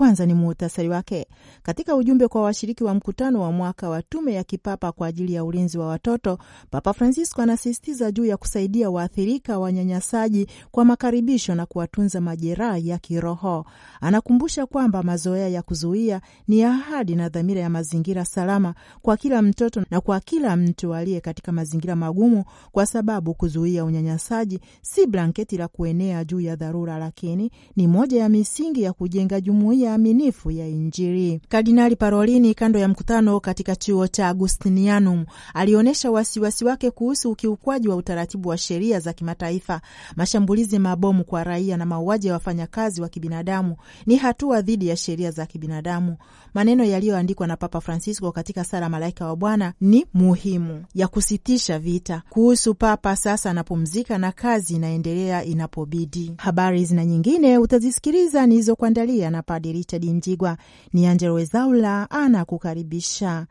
kwanza ni muhtasari wake. Katika ujumbe kwa washiriki wa mkutano wa mwaka wa tume ya kipapa kwa ajili ya ulinzi wa watoto, Papa Francisco anasisitiza juu ya kusaidia waathirika wanyanyasaji kwa makaribisho na kuwatunza majeraha ya kiroho. Anakumbusha kwamba mazoea ya kuzuia ni ahadi na dhamira ya mazingira salama kwa kila mtoto na kwa kila mtu aliye katika mazingira magumu, kwa sababu kuzuia unyanyasaji si blanketi la kuenea juu ya dharura, lakini ni moja ya misingi ya kujenga jumuiya aminifu ya Injili. Kardinali Parolini, kando ya mkutano katika chuo cha Agustinianum, alionyesha wasiwasi wake kuhusu ukiukwaji wa utaratibu wa sheria za kimataifa. Mashambulizi mabomu kwa raia na mauaji ya wafanyakazi wa kibinadamu ni hatua dhidi ya sheria za kibinadamu. Maneno yaliyoandikwa na Papa Francisco katika sala Malaika wa Bwana ni muhimu ya kusitisha vita. Kuhusu Papa sasa anapumzika na kazi inaendelea inapobidi. Habari zina nyingine utazisikiliza nilizokuandalia na Padi msimbaji Richard Njigwa. Ni Angelo Wezaula anakukaribisha.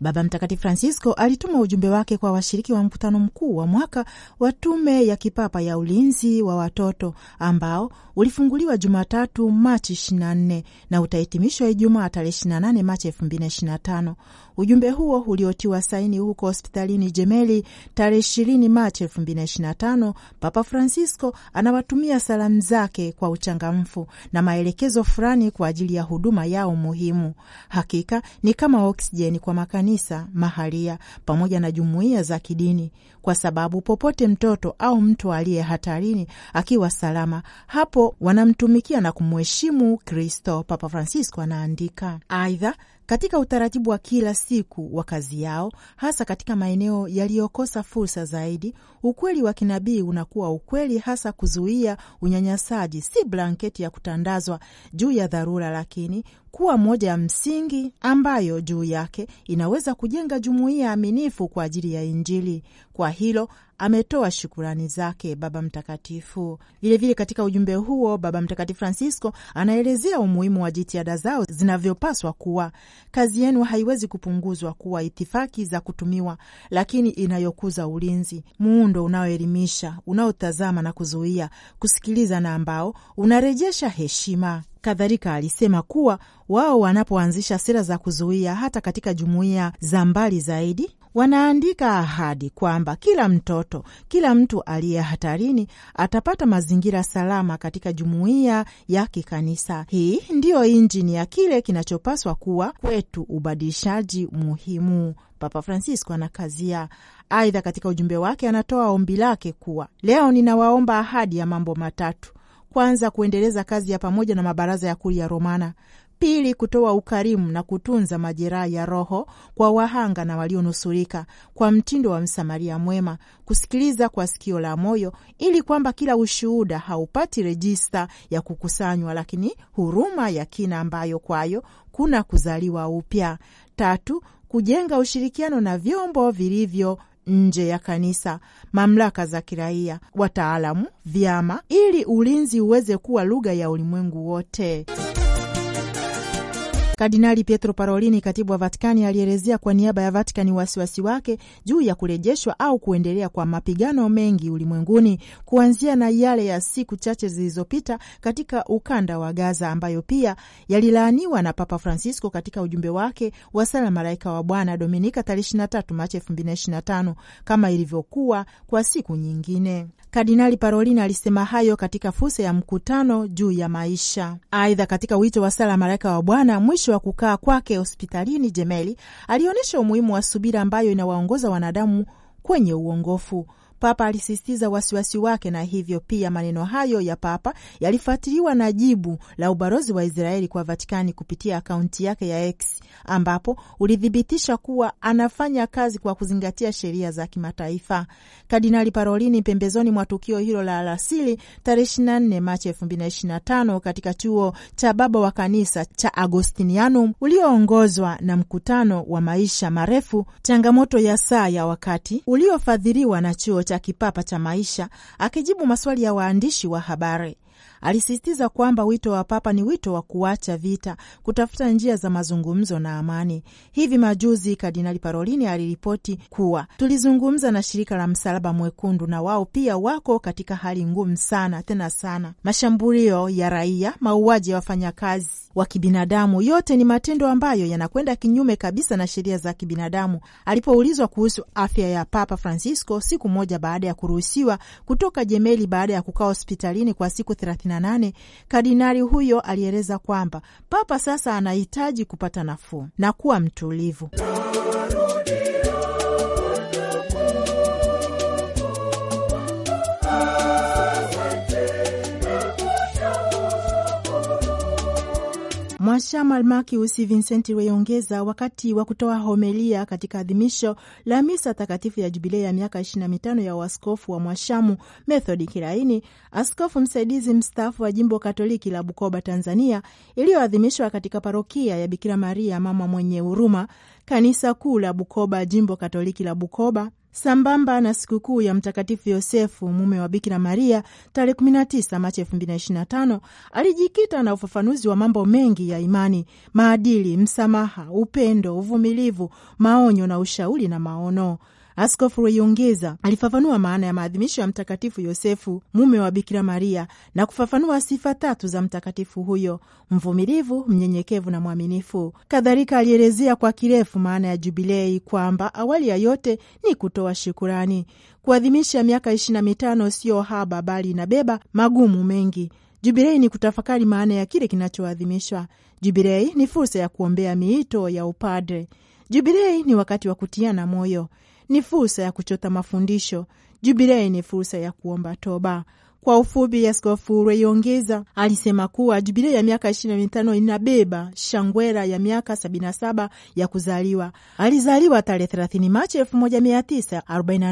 Baba Mtakatifu Francisco alituma ujumbe wake kwa washiriki wa mkutano mkuu wa mwaka wa Tume ya Kipapa ya Ulinzi wa Watoto ambao ulifunguliwa Jumatatu Machi 24 na utahitimishwa Ijumaa tarehe 28 Machi 2025. Ujumbe huo uliotiwa saini huko hospitalini Jemeli tarehe 20 Machi 2025, Papa Francisco anawatumia salamu zake kwa uchangamfu na maelekezo fulani kwa ajili ya huduma yao muhimu. Hakika ni kama oksijeni kwa makanisa makanisa, mahalia pamoja na jumuiya za kidini, kwa sababu popote mtoto au mtu aliye hatarini akiwa salama, hapo wanamtumikia na kumheshimu Kristo, Papa Francisco anaandika. Aidha, katika utaratibu wa kila siku wa kazi yao, hasa katika maeneo yaliyokosa fursa zaidi, ukweli wa kinabii unakuwa ukweli hasa. Kuzuia unyanyasaji si blanketi ya kutandazwa juu ya dharura, lakini kuwa moja ya msingi ambayo juu yake inaweza kujenga jumuiya aminifu kwa ajili ya Injili. Kwa hilo ametoa shukurani zake Baba Mtakatifu. Vilevile katika ujumbe huo, Baba Mtakatifu Francisco anaelezea umuhimu wa jitihada zao zinavyopaswa kuwa. Kazi yenu haiwezi kupunguzwa kuwa itifaki za kutumiwa, lakini inayokuza ulinzi, muundo unaoelimisha, unaotazama na kuzuia, kusikiliza na ambao unarejesha heshima. Kadhalika alisema kuwa wao wanapoanzisha sera za kuzuia, hata katika jumuiya za mbali zaidi, wanaandika ahadi kwamba kila mtoto, kila mtu aliye hatarini atapata mazingira salama katika jumuiya ya kikanisa. Hii ndiyo injini ya kile kinachopaswa kuwa kwetu ubadilishaji muhimu. Papa Francisco anakazia. Aidha, katika ujumbe wake anatoa ombi lake kuwa leo ninawaomba ahadi ya mambo matatu kwanza, kuendeleza kazi ya pamoja na mabaraza ya ya Romana; pili, kutoa ukarimu na kutunza majeraha ya roho kwa wahanga na walionusurika kwa mtindo wa Msamaria mwema, kusikiliza kwa sikio la moyo, ili kwamba kila ushuhuda haupati rejista ya kukusanywa, lakini huruma ya kina ambayo kwayo kuna kuzaliwa upya; tatu, kujenga ushirikiano na vyombo vilivyo nje ya kanisa, mamlaka za kiraia, wataalamu, vyama, ili ulinzi uweze kuwa lugha ya ulimwengu wote. Kardinali Pietro Parolini, katibu wa Vatikani, alielezea kwa niaba ya Vatikani wasiwasi wake juu ya kurejeshwa au kuendelea kwa mapigano mengi ulimwenguni, kuanzia na yale ya siku chache zilizopita katika ukanda wa Gaza, ambayo pia yalilaaniwa na Papa Francisco katika ujumbe wake wa sala Malaika wa Bwana Dominika tarehe 23 Machi 2025 kama ilivyokuwa kwa siku nyingine. Kardinali Parolini alisema hayo katika fursa ya mkutano juu ya maisha. Aidha, katika wito wa sala Malaika wa Bwana mwisho mwisho wa kukaa kwake hospitalini Jemeli alionyesha umuhimu wa subira ambayo inawaongoza wanadamu kwenye uongofu. Papa alisisitiza wasiwasi wake, na hivyo pia maneno hayo ya Papa yalifuatiliwa na jibu la ubalozi wa Israeli kwa Vatikani kupitia akaunti yake ya X ambapo ulithibitisha kuwa anafanya kazi kwa kuzingatia sheria za kimataifa. Kardinali Parolini, pembezoni mwa tukio hilo la alasili tarehe 24 Machi 2025 katika chuo cha baba wa kanisa cha Agostinianum ulioongozwa na mkutano wa maisha marefu, changamoto ya saa ya wakati uliofadhiliwa na chuo cha kipapa cha maisha, akijibu maswali ya waandishi wa habari. Alisisitiza kwamba wito wa Papa ni wito wa kuacha vita, kutafuta njia za mazungumzo na amani. Hivi majuzi Kardinali Parolini aliripoti kuwa tulizungumza na shirika la Msalaba Mwekundu na wao pia wako katika hali ngumu sana, tena sana. Mashambulio ya raia, mauaji ya wafanyakazi wa kibinadamu, yote ni matendo ambayo yanakwenda kinyume kabisa na sheria za kibinadamu. Alipoulizwa kuhusu afya ya Papa Francisco siku moja baada ya kuruhusiwa kutoka Jemeli baada ya kukaa hospitalini kwa siku thelathini 28 kardinali huyo alieleza kwamba papa sasa anahitaji kupata nafuu na kuwa mtulivu Mashama Almakius Vincenti Weyongeza wakati wa kutoa homelia katika adhimisho la misa takatifu ya jubilei ya miaka 25 ya uaskofu wa Mwashamu Methodi Kiraini, askofu msaidizi mstaafu wa jimbo Katoliki la Bukoba, Tanzania, iliyoadhimishwa katika parokia ya Bikira Maria Mama Mwenye Huruma, kanisa kuu la Bukoba, jimbo Katoliki la Bukoba, sambamba na sikukuu ya Mtakatifu Yosefu, mume wa Bikira Maria, tarehe 19 Machi 2025, alijikita na ufafanuzi wa mambo mengi ya imani, maadili, msamaha, upendo, uvumilivu, maonyo na ushauri na maono. Askofu Rweyongeza alifafanua maana ya maadhimisho ya Mtakatifu Yosefu, mume wa Bikira Maria, na kufafanua sifa tatu za mtakatifu huyo: mvumilivu, mnyenyekevu na mwaminifu. Kadhalika alielezea kwa kirefu maana ya Jubilei kwamba awali ya yote ni kutoa shukurani. Kuadhimisha miaka ishirini na mitano siyo haba, bali inabeba magumu mengi. Jubilei ni kutafakari maana ya kile kinachoadhimishwa. Jubilei ni fursa ya kuombea miito ya upadre. Jubilei ni wakati wa kutiana moyo ni fursa ya kuchota mafundisho. Jubilei ni fursa ya kuomba toba. Kwa ufupi, Askofu Rweyongeza alisema kuwa jubilei ya miaka 25 mitano inabeba shangwera ya miaka 77 saba ya kuzaliwa. Alizaliwa tarehe thelathini Machi elfu moja mia tisa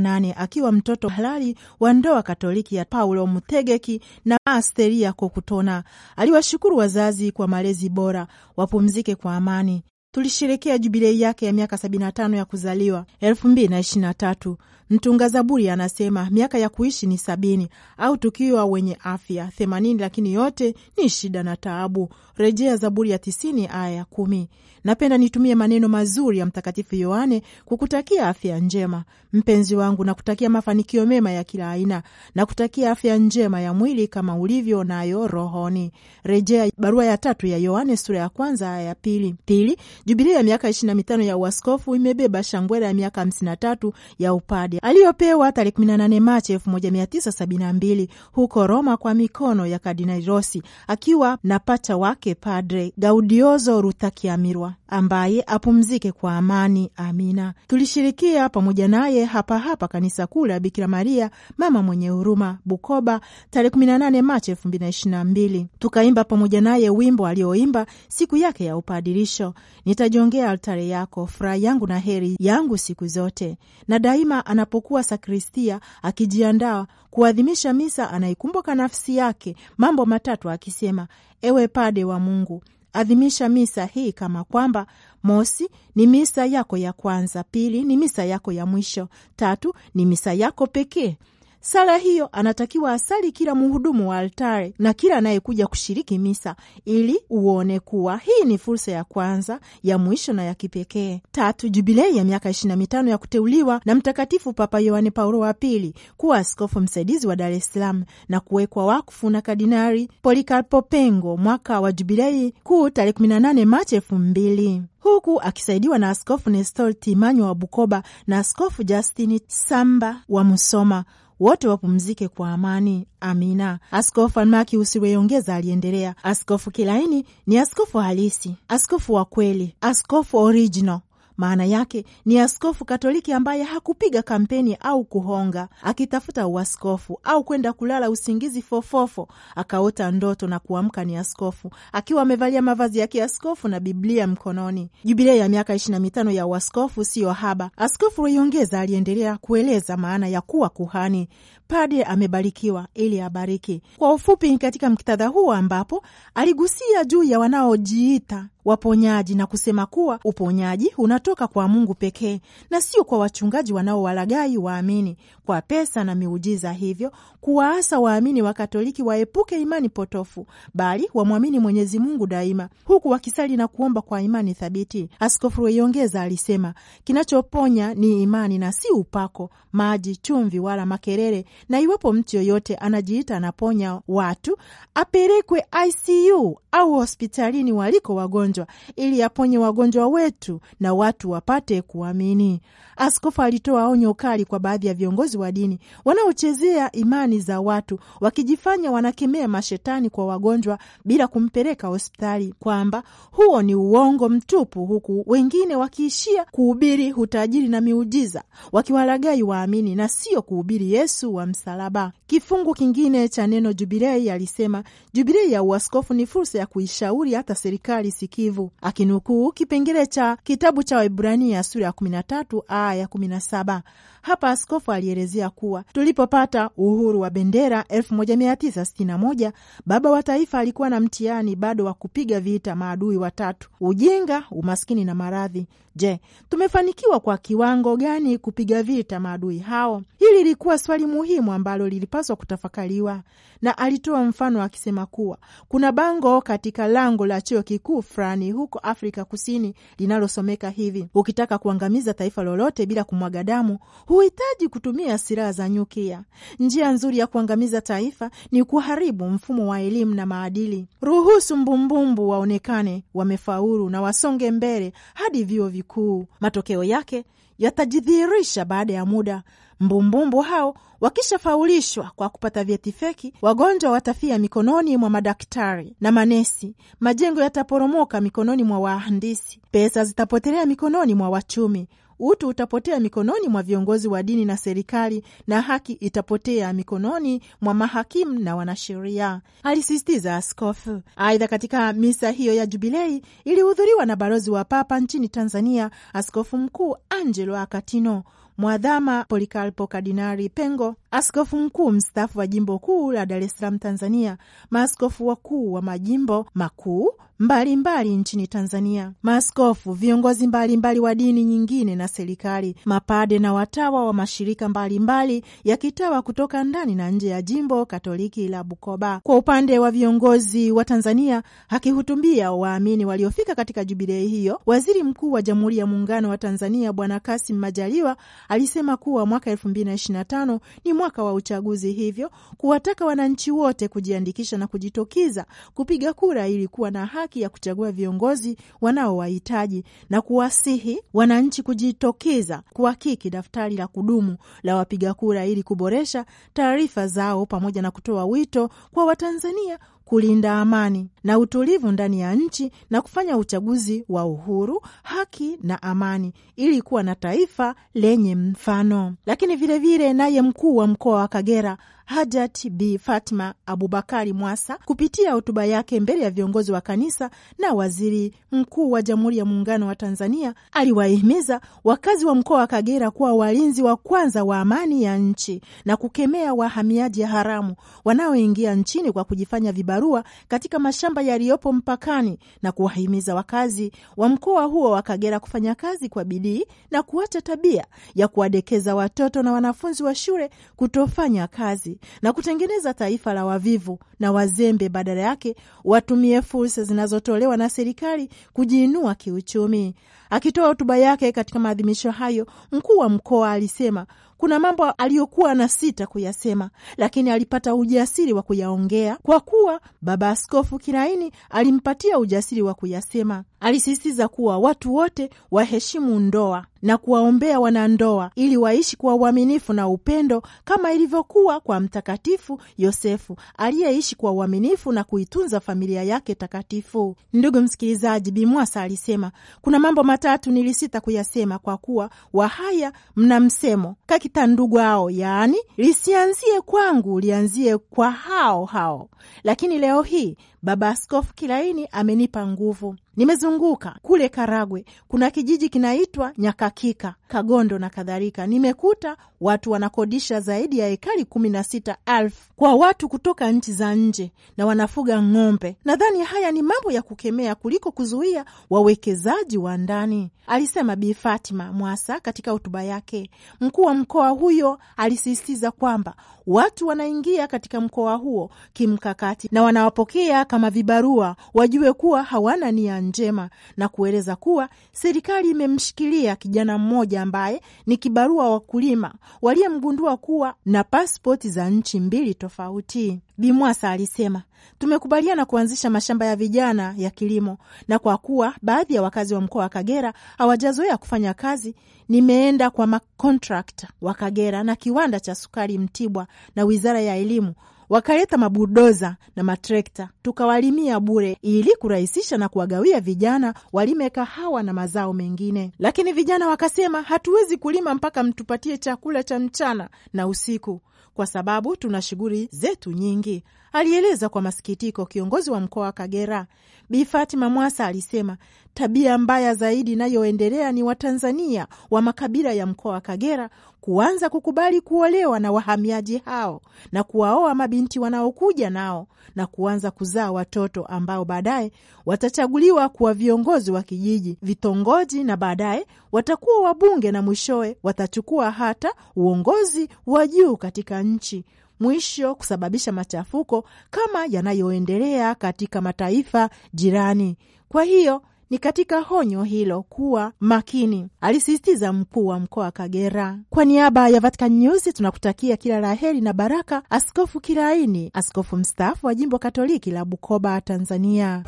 nane akiwa mtoto halali wa ndoa Katoliki ya Paulo Mutegeki na Asteria Kokutona. Aliwashukuru wazazi kwa malezi bora, wapumzike kwa amani tulisherekea jubilei yake ya miaka 75 ya kuzaliwa 2023 Mtunga Zaburi anasema miaka ya kuishi ni sabini au tukiwa wenye afya themanini, lakini yote ni shida na taabu. Rejea Zaburi ya tisini aya ya kumi. Napenda nitumie maneno mazuri ya Mtakatifu Yohane kukutakia afya njema, mpenzi wangu, na kutakia mafanikio mema ya kila aina na kutakia afya njema ya mwili kama ulivyo nayo rohoni. Rejea barua ya tatu ya Yohane sura ya kwanza aya ya pili. Pili, jubilia ya miaka ishirini na mitano ya uaskofu imebeba shangwera ya miaka hamsini na tatu ya upadi aliyopewa tarehe 18 Machi 1972 huko Roma kwa mikono ya Kardinali Rossi akiwa na pacha wake Padre Gaudiozo Rutakiamirwa ambaye apumzike kwa amani. Amina. Tulishirikia pamoja naye hapa hapa kanisa kuu la Bikira Maria mama mwenye huruma, Bukoba, tarehe 18 Machi 2022. Tukaimba pamoja naye wimbo alioimba siku yake ya upadirisho, nitajongea altare yako, furaha yangu na heri yangu siku zote, na daima ana anapokuwa sakristia akijiandaa kuadhimisha misa, anaikumbuka nafsi yake mambo matatu akisema: ewe pade wa Mungu, adhimisha misa hii kama kwamba mosi, ni misa yako ya kwanza; pili, ni misa yako ya mwisho; tatu, ni misa yako pekee. Sala hiyo anatakiwa asali kila mhudumu wa altare na kila anayekuja kushiriki misa, ili uone kuwa hii ni fursa ya kwanza, ya mwisho na ya kipekee. Tatu, jubilei ya miaka 25 ya kuteuliwa na Mtakatifu Papa Yohane Paulo wa Pili kuwa askofu msaidizi wa Dar es Salaam na kuwekwa wakfu na kadinari Polikarpo Pengo mwaka wa jubilei kuu tarehe 18 Machi elfu mbili huku akisaidiwa na Askofu Nestor Timanyo wa Bukoba na Askofu Justini Samba wa Musoma wote wapumzike kwa amani. Amina. Askofu Almaki Usiweyongeza aliendelea, askofu Kilaini ni askofu halisi, askofu wa kweli, askofu original maana yake ni askofu Katoliki ambaye hakupiga kampeni au kuhonga, akitafuta uaskofu au kwenda kulala usingizi fofofo, akaota ndoto na kuamka ni askofu akiwa amevalia mavazi ya kiaskofu na Biblia mkononi. Jubilei ya miaka ishirini na mitano ya uaskofu siyo haba. Askofu Rweyongeza aliendelea kueleza maana ya kuwa kuhani. Padre amebarikiwa ili abariki. Kwa ufupi, katika muktadha huo ambapo aligusia juu ya wanaojiita waponyaji na kusema kuwa uponyaji unatoka kwa Mungu pekee na sio kwa wachungaji wanaowalagai waamini kwa pesa na miujiza, hivyo kuwaasa waamini wa Katoliki waepuke imani potofu, bali wamwamini Mwenyezi Mungu daima, huku wakisali na kuomba kwa imani thabiti. Askofu Weiongeza alisema kinachoponya ni imani na si upako, maji, chumvi wala makelele, na iwapo mtu yoyote anajiita anaponya watu apelekwe ICU au hospitalini waliko wagonjwa ili aponye wagonjwa wetu na watu wapate kuamini. Askofu alitoa onyo kali kwa baadhi ya viongozi viongozi wa dini wanaochezea imani za watu, wakijifanya wanakemea mashetani kwa wagonjwa bila kumpeleka hospitali, kwamba huo ni uongo mtupu, huku wengine wakiishia kuhubiri utajiri na miujiza, wakiwalagai waamini na sio kuhubiri Yesu wa msalaba. Kifungu kingine cha neno jubilei alisema, jubilei ya uaskofu ni fursa ya kuishauri hata serikali sikivu, akinukuu kipengele cha kitabu cha Waebrania sura ya 13 aya 17. Hapa askofu alieleza kuelezea kuwa tulipopata uhuru wa bendera 1961 baba wa taifa alikuwa na mtihani bado wa kupiga vita maadui watatu: ujinga, umaskini na maradhi. Je, tumefanikiwa kwa kiwango gani kupiga vita maadui hao? Hili lilikuwa swali muhimu ambalo lilipaswa kutafakaliwa, na alitoa mfano akisema kuwa kuna bango katika lango la chuo kikuu fulani huko Afrika Kusini linalosomeka hivi: ukitaka kuangamiza taifa lolote bila kumwaga damu, huhitaji kutumia silaha za nyuklia. Njia nzuri ya kuangamiza taifa ni kuharibu mfumo wa elimu na maadili. Ruhusu mbumbumbu waonekane wamefaulu na wasonge mbele hadi vyuo vikuu. Matokeo yake yatajidhihirisha baada ya muda. Mbumbumbu hao wakishafaulishwa kwa kupata vyeti feki, wagonjwa watafia mikononi mwa madaktari na manesi, majengo yataporomoka mikononi mwa wahandisi, pesa zitapotelea mikononi mwa wachumi, utu utapotea mikononi mwa viongozi wa dini na serikali, na haki itapotea mikononi mwa mahakimu na wanasheria, alisisitiza askofu. Aidha, katika misa hiyo ya Jubilei ilihudhuriwa na balozi wa Papa nchini Tanzania, askofu mkuu Angelo Akatino, mwadhama Polikarpo Kardinali Pengo Askofu mkuu mstaafu wa jimbo kuu la Dar es Salaam Tanzania, maaskofu wakuu wa majimbo makuu mbalimbali nchini Tanzania, maaskofu, viongozi mbalimbali mbali wa dini nyingine na serikali, mapade na watawa wa mashirika mbalimbali mbali ya kitawa kutoka ndani na nje ya jimbo Katoliki la Bukoba. Kwa upande wa viongozi wa Tanzania, akihutubia waamini waliofika katika jubilei hiyo, waziri mkuu wa Jamhuri ya Muungano wa Tanzania Bwana Kasim Majaliwa alisema kuwa mwaka elfu mbili na ishirini na tano ni mwaka wa uchaguzi, hivyo kuwataka wananchi wote kujiandikisha na kujitokeza kupiga kura ili kuwa na haki ya kuchagua viongozi wanaowahitaji na kuwasihi wananchi kujitokeza kuhakiki daftari la kudumu la wapiga kura ili kuboresha taarifa zao pamoja na kutoa wito kwa Watanzania kulinda amani na utulivu ndani ya nchi na kufanya uchaguzi wa uhuru, haki na amani ili kuwa na taifa lenye mfano. Lakini vilevile naye mkuu wa mkoa wa Kagera Hadat Bi Fatma Abubakari Mwasa kupitia hotuba yake mbele ya viongozi wa kanisa na waziri mkuu wa Jamhuri ya Muungano wa Tanzania, aliwahimiza wakazi wa mkoa wa Kagera kuwa walinzi wa kwanza wa amani ya nchi na kukemea wahamiaji haramu wanaoingia nchini kwa kujifanya vibarua katika mashamba yaliyopo mpakani na kuwahimiza wakazi wa mkoa huo wa Kagera kufanya kazi kwa bidii na kuacha tabia ya kuwadekeza watoto na wanafunzi wa shule kutofanya kazi na kutengeneza taifa la wavivu na wazembe, badala yake watumie fursa zinazotolewa na serikali kujiinua kiuchumi. Akitoa hotuba yake katika maadhimisho hayo, mkuu wa mkoa alisema kuna mambo aliyokuwa na sita kuyasema, lakini alipata ujasiri wa kuyaongea kwa kuwa Baba Askofu kiraini alimpatia ujasiri wa kuyasema. Alisisitiza kuwa watu wote waheshimu ndoa na kuwaombea wanandoa ili waishi kwa uaminifu na upendo kama ilivyokuwa kwa Mtakatifu Yosefu aliyeishi kwa uaminifu na kuitunza familia yake takatifu. Ndugu msikilizaji, Bimwasa alisema kuna mambo matatu nilisita kuyasema kwa kuwa Wahaya mna msemo kaki kita ndugu hao, yaani lisianzie kwangu, lianzie kwa hao hao. Lakini leo hii Baba Askofu Kilaini amenipa nguvu Nimezunguka kule Karagwe, kuna kijiji kinaitwa Nyakakika, Kagondo na kadhalika. Nimekuta watu wanakodisha zaidi ya ekari kumi na sita elfu kwa watu kutoka nchi za nje na wanafuga ng'ombe. Nadhani haya ni mambo ya kukemea kuliko kuzuia wawekezaji wa ndani, alisema Bi Fatima Mwasa katika hotuba yake. Mkuu wa mkoa huyo alisisitiza kwamba watu wanaingia katika mkoa huo kimkakati na wanawapokea kama vibarua, wajue kuwa hawana nia njema na kueleza kuwa serikali imemshikilia kijana mmoja ambaye ni kibarua wakulima waliyemgundua kuwa na pasipoti za nchi mbili tofauti. Bimwasa alisema tumekubaliana kuanzisha mashamba ya vijana ya kilimo, na kwa kuwa baadhi ya wakazi wa mkoa wa Kagera hawajazoea kufanya kazi, nimeenda kwa makontrakta wa Kagera na kiwanda cha sukari Mtibwa na wizara ya elimu wakaleta mabudoza na matrekta tukawalimia bure ili kurahisisha na kuwagawia vijana walime kahawa na mazao mengine. Lakini vijana wakasema, hatuwezi kulima mpaka mtupatie chakula cha mchana na usiku kwa sababu tuna shughuli zetu nyingi, alieleza kwa masikitiko kiongozi wa mkoa wa Kagera Bi Fatima Mwasa. Alisema tabia mbaya zaidi inayoendelea ni Watanzania wa makabila ya mkoa wa Kagera kuanza kukubali kuolewa na wahamiaji hao na kuwaoa mabinti wanaokuja nao na kuanza kuzaa watoto ambao baadaye watachaguliwa kuwa viongozi wa kijiji, vitongoji na baadaye watakuwa wabunge na mwishowe watachukua hata uongozi wa juu katika nchi mwisho kusababisha machafuko kama yanayoendelea katika mataifa jirani. Kwa hiyo ni katika honyo hilo kuwa makini, alisisitiza mkuu wa mkoa wa Kagera. Kwa niaba ya Vatican News tunakutakia kila la heri na baraka, Askofu Kilaini, askofu mstaafu wa jimbo Katoliki la Bukoba, Tanzania.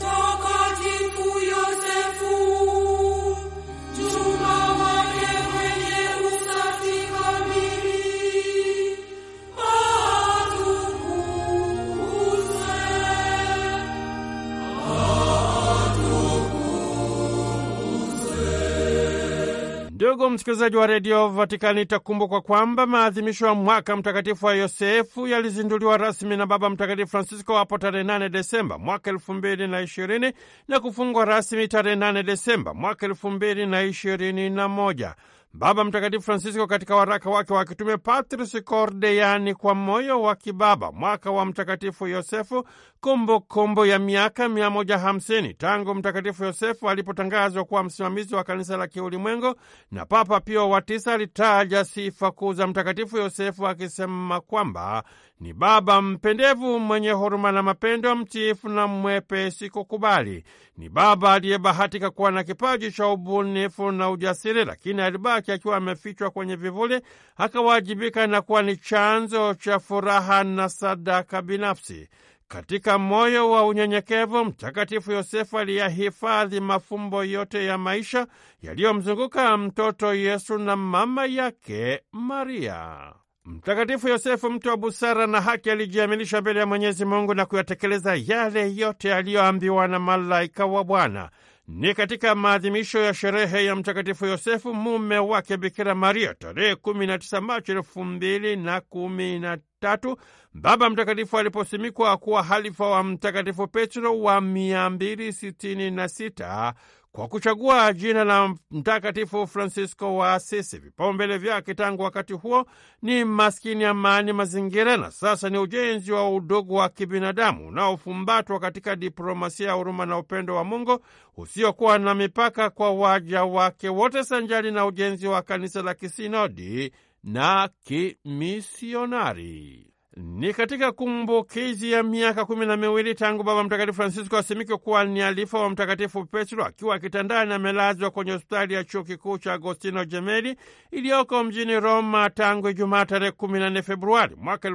Ndugu msikilizaji wa redio Vatikani, itakumbukwa kwamba maadhimisho ya mwaka mtakatifu wa Yosefu yalizinduliwa rasmi na Baba Mtakatifu Francisco hapo tarehe 8 Desemba mwaka elfu mbili na ishirini na kufungwa rasmi tarehe 8 Desemba mwaka elfu mbili na ishirini na moja. Baba Mtakatifu Francisco katika waraka wake wa kitume Patris Cordeiani kwa moyo wa kibaba, mwaka wa Mtakatifu Yosefu, kumbukumbu ya miaka 150 tangu Mtakatifu Yosefu alipotangazwa kuwa msimamizi wa kanisa la kiulimwengu na Papa Pio wa tisa alitaja sifa kuu za Mtakatifu Yosefu akisema kwamba ni baba mpendevu, mwenye huruma na mapendo, mtiifu na mwepesi kukubali. Ni baba aliyebahatika kuwa na kipaji cha ubunifu na ujasiri, lakini alibaki akiwa amefichwa kwenye vivuli, akawajibika na kuwa ni chanzo cha furaha na sadaka binafsi. Katika moyo wa unyenyekevu, Mtakatifu Yosefu aliyahifadhi mafumbo yote ya maisha yaliyomzunguka mtoto Yesu na mama yake Maria. Mtakatifu Yosefu, mtu wa busara na haki, alijiamilisha mbele ya Mwenyezi Mungu na kuyatekeleza yale yote aliyoambiwa na malaika wa Bwana. Ni katika maadhimisho ya sherehe ya Mtakatifu Yosefu, mume wake Bikira Maria, tarehe 19 Machi 213 Baba Mtakatifu aliposimikwa kuwa halifa wa Mtakatifu Petro wa 266 kwa kuchagua jina la Mtakatifu Francisco wa Asisi. Vipaumbele vyake tangu wakati huo ni maskini, amani, mazingira na sasa ni ujenzi wa udugu wa kibinadamu unaofumbatwa katika diplomasia ya huruma na upendo wa Mungu usiokuwa na mipaka kwa waja wake wote, sanjari na ujenzi wa kanisa la kisinodi na kimisionari. Ni katika kumbukizi ya miaka kumi na miwili tangu Baba Mtakatifu Francisco asimike kuwa ni alifa wa Mtakatifu Petro akiwa kitandani amelazwa kwenye hospitali ya chuo kikuu cha Agostino jemeli iliyoko mjini Roma tangu Ijumaa tarehe nne Februari mwaka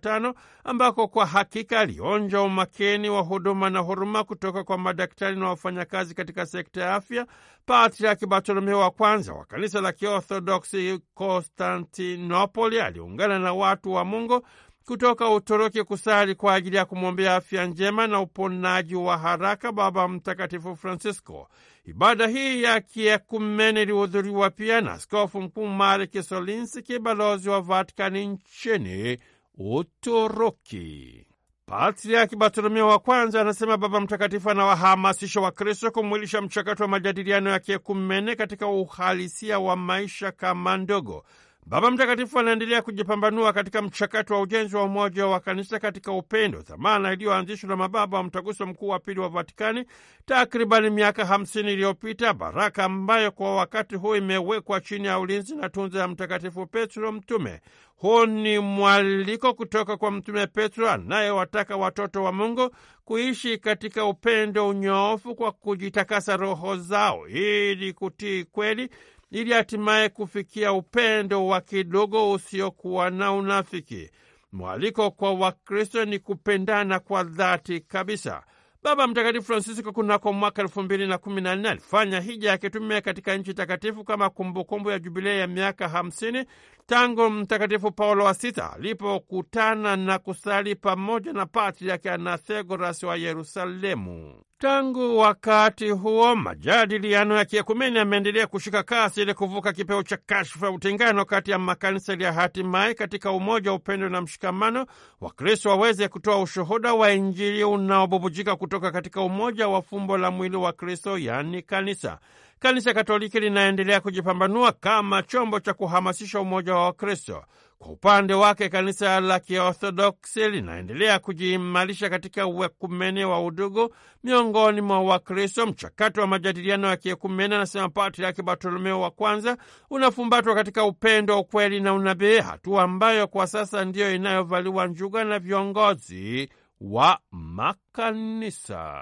tano ambako kwa hakika alionja umakini wa huduma na huruma kutoka kwa madaktari na wafanyakazi katika sekta ya afya. Patriaki Bartolomeo wa kwanza wa kanisa la Kiorthodoksi Konstantinopoli aliungana na watu wa Mungu kutoka Uturuki kusali kwa ajili ya kumwombea afya njema na uponaji wa haraka Baba Mtakatifu Francisco. Ibada hii ya kiekumene ilihudhuriwa pia na Askofu Mkuu Marek Solinski, balozi wa Vatikani nchini Uturuki. Patriaki Bartolomeo wa kwanza anasema Baba Mtakatifu anawahamasisha Wakristo kumwilisha mchakato wa majadiliano ya kiekumene katika uhalisia wa maisha kama ndogo Baba Mtakatifu anaendelea kujipambanua katika mchakato wa ujenzi wa umoja wa kanisa katika upendo, dhamana iliyoanzishwa na mababa wa Mtaguso Mkuu wa Pili wa Vatikani takribani miaka hamsini iliyopita, baraka ambayo kwa wakati huu imewekwa chini ya ulinzi na tunza ya Mtakatifu Petro Mtume. Huu ni mwaliko kutoka kwa Mtume Petro anayewataka watoto wa Mungu kuishi katika upendo unyoofu kwa kujitakasa roho zao ili kutii kweli ili hatimaye kufikia upendo wa kidogo usiokuwa na unafiki. Mwaliko kwa Wakristo ni kupendana kwa dhati kabisa. Baba Mtakatifu Francisco kunako mwaka elfu mbili na kumi na nne alifanya hija akitumia katika nchi takatifu kama kumbukumbu kumbu ya jubilei ya miaka hamsini tangu Mtakatifu Paulo wa Sita alipokutana na kusali pamoja na Patriaki Anathegoras wa Yerusalemu. Tangu wakati huo majadiliano ya kiekumeni yameendelea kushika kasi ili kuvuka kipeo cha kashfa ya utengano kati ya makanisa ili hatimaye katika umoja wa upendo na mshikamano, Wakristo waweze kutoa ushuhuda wa Injili unaobubujika kutoka katika umoja wa fumbo la mwili wa Kristo, yaani kanisa. Kanisa Katoliki linaendelea kujipambanua kama chombo cha kuhamasisha umoja wa Wakristo. Kwa upande wake kanisa la Kiorthodoksi linaendelea kujiimarisha katika uekumene wa udugu miongoni mwa Wakristo. Mchakato wa majadiliano ya kiekumene, anasema Patriaki Bartolomeo wa Kwanza, unafumbatwa katika upendo, ukweli na unabii, hatua ambayo kwa sasa ndiyo inayovaliwa njuga na viongozi wa makanisa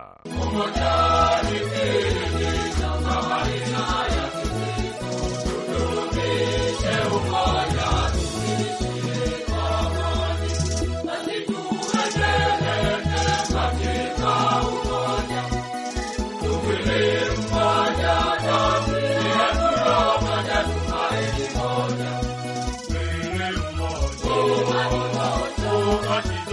Lucky.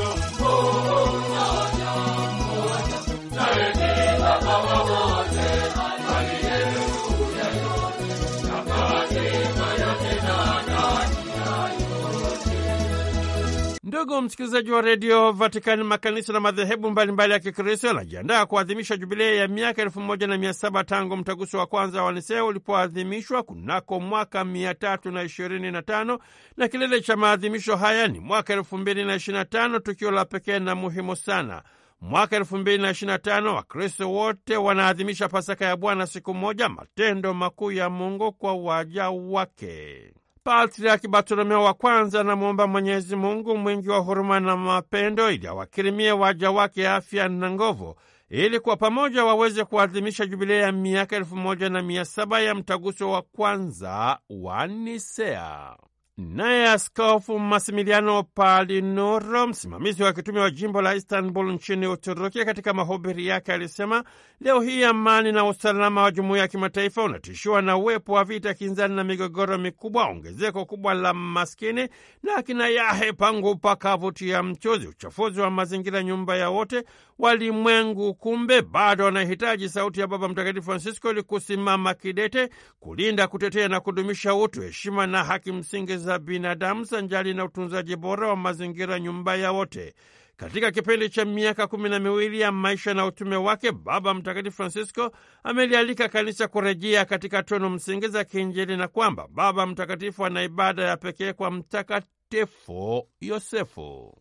Ndugu msikilizaji wa redio Vatikani, makanisa na madhehebu mbalimbali ya Kikristo yanajiandaa kuadhimisha jubilei ya miaka elfu moja na mia saba tangu mtaguso wa kwanza wa Nisea ulipoadhimishwa kunako mwaka mia tatu na ishirini na tano na kilele cha maadhimisho haya ni mwaka elfu mbili na ishirini na tano tukio la pekee na muhimu sana. Mwaka elfu mbili na ishirini na tano Wakristo wote wanaadhimisha Pasaka ya Bwana siku moja, matendo makuu ya Mungu kwa waja wake. Patriaki Bartolomeo wa kwanza anamwomba Mwenyezi Mungu mwingi wa huruma na mapendo ili awakirimie waja wake afya na nguvu ili kwa pamoja waweze kuadhimisha jubilei ya miaka elfu moja na mia saba ya mtaguso wa kwanza wa Nisea. Naye Askofu Masimiliano Palinuro, msimamizi wa kitume wa jimbo la Istanbul nchini Uturuki, katika mahubiri yake alisema leo hii amani na usalama wa jumuiya ya kimataifa unatishiwa na uwepo wa vita kinzani na migogoro mikubwa, ongezeko kubwa la maskini na akina yahe pangu pakavutia mchuzi, uchafuzi wa mazingira, nyumba ya wote, walimwengu, kumbe bado wanahitaji sauti ya Baba Mtakatifu Francisco ili kusimama kidete kulinda, kutetea na kudumisha utu, heshima na haki msingi za binadamu sanjali na utunzaji bora wa mazingira, nyumba ya wote. Katika kipindi cha miaka kumi na miwili ya maisha na utume wake, Baba Mtakatifu Francisco amelialika kanisa kurejea katika tunu msingi za kiinjili na kwamba Baba Mtakatifu ana ibada ya pekee kwa Mtakatifu Yosefu.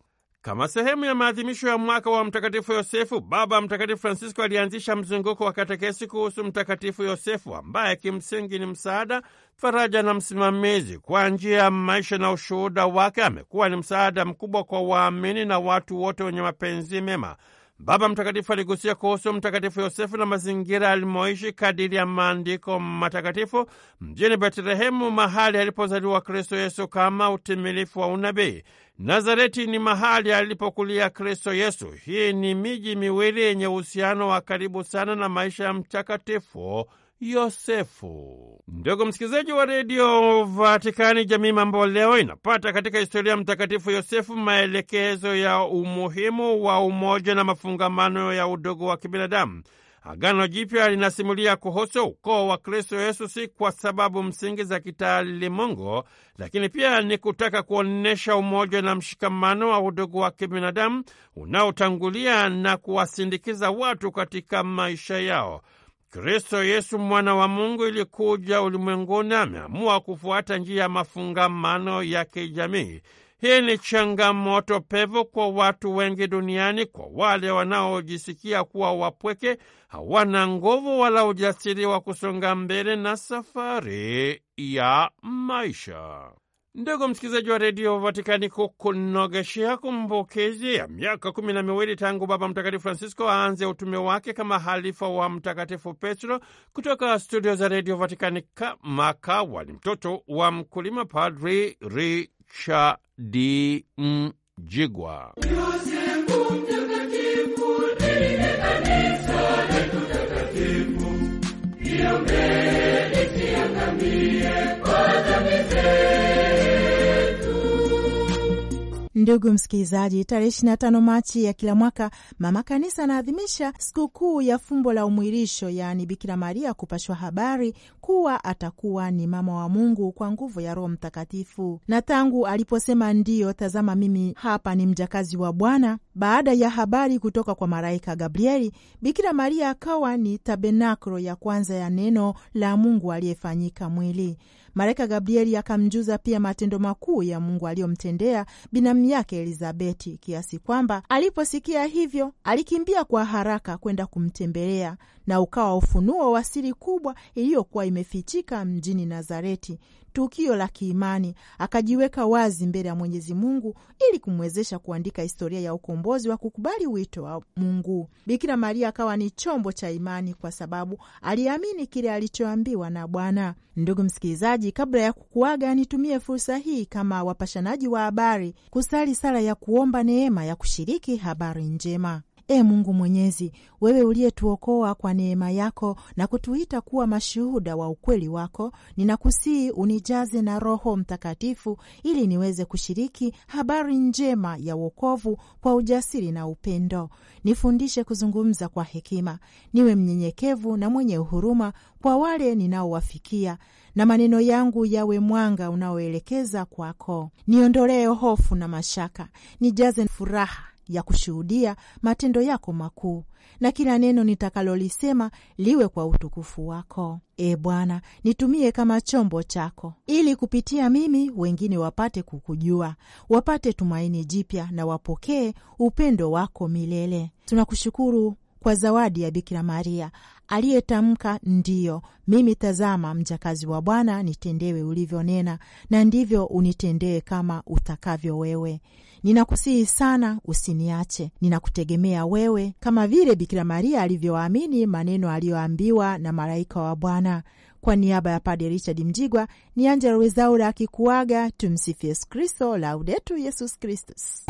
Kama sehemu ya maadhimisho ya mwaka wa Mtakatifu Yosefu, Baba Mtakatifu Francisco alianzisha mzunguko wa katekesi kuhusu Mtakatifu Yosefu ambaye kimsingi ni msaada, faraja na msimamizi. Kwa njia ya maisha na ushuhuda wake amekuwa ni msaada mkubwa kwa waamini na watu wote wenye mapenzi mema. Baba Mtakatifu aligusia kuhusu Mtakatifu Yosefu na mazingira alimoishi kadiri ya maandiko matakatifu mjini Betlehemu, mahali alipozaliwa Kristo Yesu kama utimilifu wa unabii. Nazareti ni mahali alipokulia Kristo Yesu. Hii ni miji miwili yenye uhusiano wa karibu sana na maisha ya Mtakatifu Yosefu. Ndugu msikilizaji wa redio Vatikani, jamii mambo leo inapata katika historia ya Mtakatifu Yosefu maelekezo ya umuhimu wa umoja na mafungamano ya udogo wa kibinadamu. Agano Jipya linasimulia kuhusu ukoo wa Kristo Yesu, si kwa sababu msingi za kitaalimungu, lakini pia ni kutaka kuonyesha umoja na mshikamano wa udugu wa kibinadamu unaotangulia na kuwasindikiza watu katika maisha yao. Kristo Yesu mwana wa Mungu ilikuja ulimwenguni, ameamua kufuata njia ya mafungamano ya kijamii. Hii ni changamoto pevu kwa watu wengi duniani, kwa wale wanaojisikia kuwa wapweke, hawana nguvu wala ujasiri wa kusonga mbele na safari ya maisha. Ndugu msikilizaji wa redio Vatikani, kukunogeshea kumbukizi ya miaka kumi na miwili tangu Baba Mtakatifu Francisco aanze utume wake kama halifa wa Mtakatifu Petro, kutoka studio za redio Vatikani, kama kawa ni mtoto wa mkulima, Padri cha D. Mjigwa. Ndugu msikilizaji, tarehe 25 Machi ya kila mwaka mama kanisa anaadhimisha sikukuu ya fumbo la umwilisho, yaani Bikira Maria kupashwa habari kuwa atakuwa ni mama wa Mungu kwa nguvu ya Roho Mtakatifu. Na tangu aliposema ndiyo, tazama mimi hapa ni mjakazi wa Bwana, baada ya habari kutoka kwa malaika Gabrieli, Bikira Maria akawa ni tabenaklo ya kwanza ya neno la Mungu aliyefanyika mwili. Malaika Gabrieli akamjuza pia matendo makuu ya Mungu aliyomtendea binamu yake Elizabeti, kiasi kwamba aliposikia hivyo alikimbia kwa haraka kwenda kumtembelea, na ukawa ufunuo wa siri kubwa iliyokuwa imefichika mjini Nazareti tukio la kiimani, akajiweka wazi mbele ya Mwenyezi Mungu ili kumwezesha kuandika historia ya ukombozi wa kukubali wito wa Mungu. Bikira Maria akawa ni chombo cha imani kwa sababu aliamini kile alichoambiwa na Bwana. Ndugu msikilizaji, kabla ya kukuaga, nitumie fursa hii kama wapashanaji wa habari kusali sala ya kuomba neema ya kushiriki habari njema. E Mungu Mwenyezi, wewe uliyetuokoa kwa neema yako na kutuita kuwa mashuhuda wa ukweli wako, ninakusihi unijaze na Roho Mtakatifu ili niweze kushiriki habari njema ya wokovu kwa ujasiri na upendo. Nifundishe kuzungumza kwa hekima, niwe mnyenyekevu na mwenye uhuruma kwa wale ninaowafikia, na maneno yangu yawe mwanga unaoelekeza kwako. Niondolee hofu na mashaka, nijaze furaha ya kushuhudia matendo yako makuu, na kila neno nitakalolisema liwe kwa utukufu wako. E Bwana, nitumie kama chombo chako, ili kupitia mimi wengine wapate kukujua, wapate tumaini jipya na wapokee upendo wako milele. Tunakushukuru kwa zawadi ya Bikira Maria aliyetamka ndiyo mimi, tazama mjakazi wa Bwana, nitendewe ulivyonena, na ndivyo unitendee kama utakavyo wewe. Ninakusihi sana usiniache, ninakutegemea wewe, kama vile Bikira Maria alivyoamini maneno aliyoambiwa na malaika wa Bwana. Kwa niaba ya Padre Richard Mjigwa ni Angela Rwezaura akikuaga. Tumsifu Yesu Kristo, laudetu Yesus Kristus.